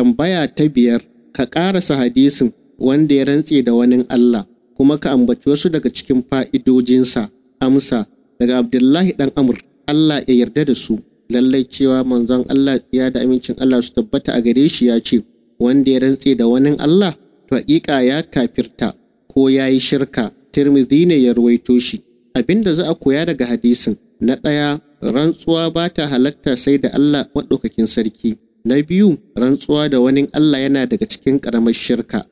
Tambaya ta biyar, ka ƙarasa hadisin wanda ya rantse da wani Allah, kuma ka ambaci wasu daga cikin fa'idojinsa. Amsa, daga Abdullahi ɗan Amur, Allah ya yarda da su. Lallai cewa manzon Allah ya da amincin Allah su tabbata a gare shi ya ce, wanda ya rantse da wani Allah, to haƙiƙa ya kafirta ko ya yi shirka, Tirmidhi ne ya ruwaito shi. Abin da za a koya daga hadisin, na ɗaya rantsuwa ba ta halatta sai da Allah maɗaukakin sarki. Na biyu, rantsuwa da wani Allah yana daga cikin ƙaramar shirka.